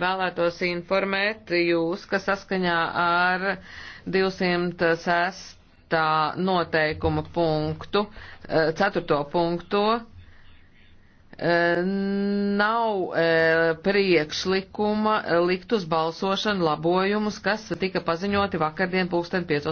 Vēlētos informēt jūs, ka saskaņā ar 206. noteikuma punktu, 4. Eh, punktu, eh, nav eh, priekšlikuma likt uz balsošanu labojumus, kas tika paziņoti vakardien pulksten 5.